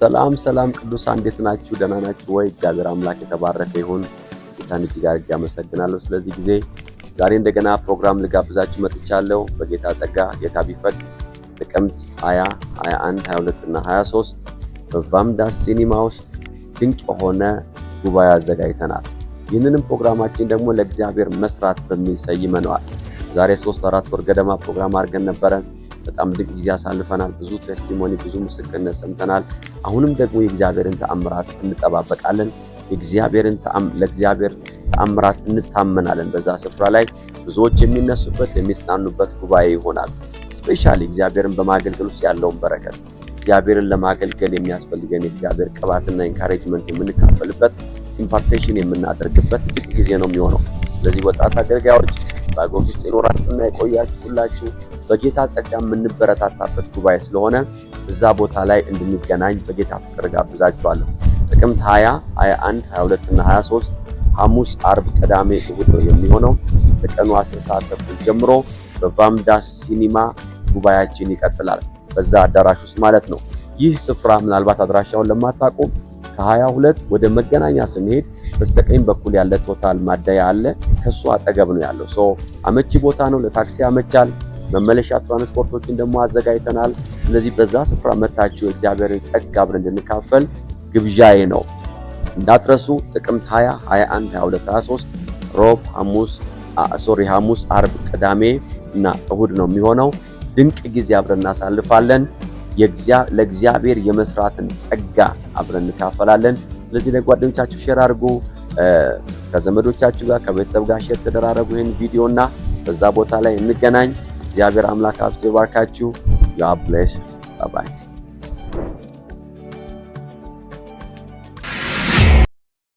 ሰላም ሰላም፣ ቅዱስ እንዴት ናችሁ? ደህና ናችሁ ወይ? እግዚአብሔር አምላክ የተባረከ ይሁን። ጌታን እጅግ አድርጌ አመሰግናለሁ ስለዚህ ጊዜ። ዛሬ እንደገና ፕሮግራም ልጋብዛችሁ መጥቻለሁ። በጌታ ጸጋ ጌታ ቢፈቅ ጥቅምት 20፣ 21፣ 22 እና 23 በቫምዳስ ሲኒማ ውስጥ ድንቅ የሆነ ጉባኤ አዘጋጅተናል። ይህንንም ፕሮግራማችን ደግሞ ለእግዚአብሔር መስራት በሚል ሰይመነዋል። ዛሬ ሶስት አራት ወር ገደማ ፕሮግራም አድርገን ነበረ። በጣም ብዙ ጊዜ አሳልፈናል። ብዙ ቴስቲሞኒ፣ ብዙ ምስክርነት ሰምተናል። አሁንም ደግሞ የእግዚአብሔርን ተአምራት እንጠባበቃለን። የእግዚአብሔርን ለእግዚአብሔር ተአምራት እንታመናለን። በዛ ስፍራ ላይ ብዙዎች የሚነሱበት የሚጽናኑበት ጉባኤ ይሆናል። ስፔሻሊ እግዚአብሔርን በማገልገል ውስጥ ያለውን በረከት እግዚአብሔርን ለማገልገል የሚያስፈልገን የእግዚአብሔር ቅባትና ኢንካሬጅመንት የምንካፈልበት ኢምፓርቴሽን የምናደርግበት ጊዜ ነው የሚሆነው። ስለዚህ ወጣት አገልጋዮች በአገር ውስጥ የኖራችሁና የቆያችሁ ሁላችሁ በጌታ ጸጋ የምንበረታታበት ጉባኤ ስለሆነ እዛ ቦታ ላይ እንድንገናኝ በጌታ ፍቅር ጋብዛችኋለሁ። ጥቅምት 20፣ 21፣ 22 እና 23 ሐሙስ፣ አርብ፣ ቅዳሜ፣ እሁድ ነው የሚሆነው። ከቀኑ 10 ሰዓት ተኩል ጀምሮ በቫምዳስ ሲኒማ ጉባኤያችን ይቀጥላል። በዛ አዳራሽ ውስጥ ማለት ነው። ይህ ስፍራ ምናልባት አድራሻውን ለማታውቁ ከ22 ወደ መገናኛ ስንሄድ በስተቀኝ በኩል ያለ ቶታል ማደያ አለ። ከሱ አጠገብ ነው ያለው። ሶ አመቺ ቦታ ነው፣ ለታክሲ ያመቻል። መመለሻ ትራንስፖርቶችን ደግሞ አዘጋጅተናል። ስለዚህ በዛ ስፍራ መታችሁ እግዚአብሔርን ጸጋ አብረን እንድንካፈል ግብዣዬ ነው። እንዳትረሱ ጥቅምት 20፣ 21፣ 22፣ 23 ሮብ፣ ሐሙስ ሶሪ ሐሙስ፣ አርብ፣ ቅዳሜ እና እሁድ ነው የሚሆነው። ድንቅ ጊዜ አብረን እናሳልፋለን። ለእግዚአብሔር የመስራትን ጸጋ አብረን እንካፈላለን። ስለዚህ ለጓደኞቻችሁ ሼር አድርጉ። ከዘመዶቻችሁ ጋር ከቤተሰብ ጋር ሼር ተደራረጉ ይህን ቪዲዮ እና በዛ ቦታ ላይ እንገናኝ። እግዚአብሔር አምላክ ሀብት ይባርካችሁ። ዩ አር ብሌስድ ባባይ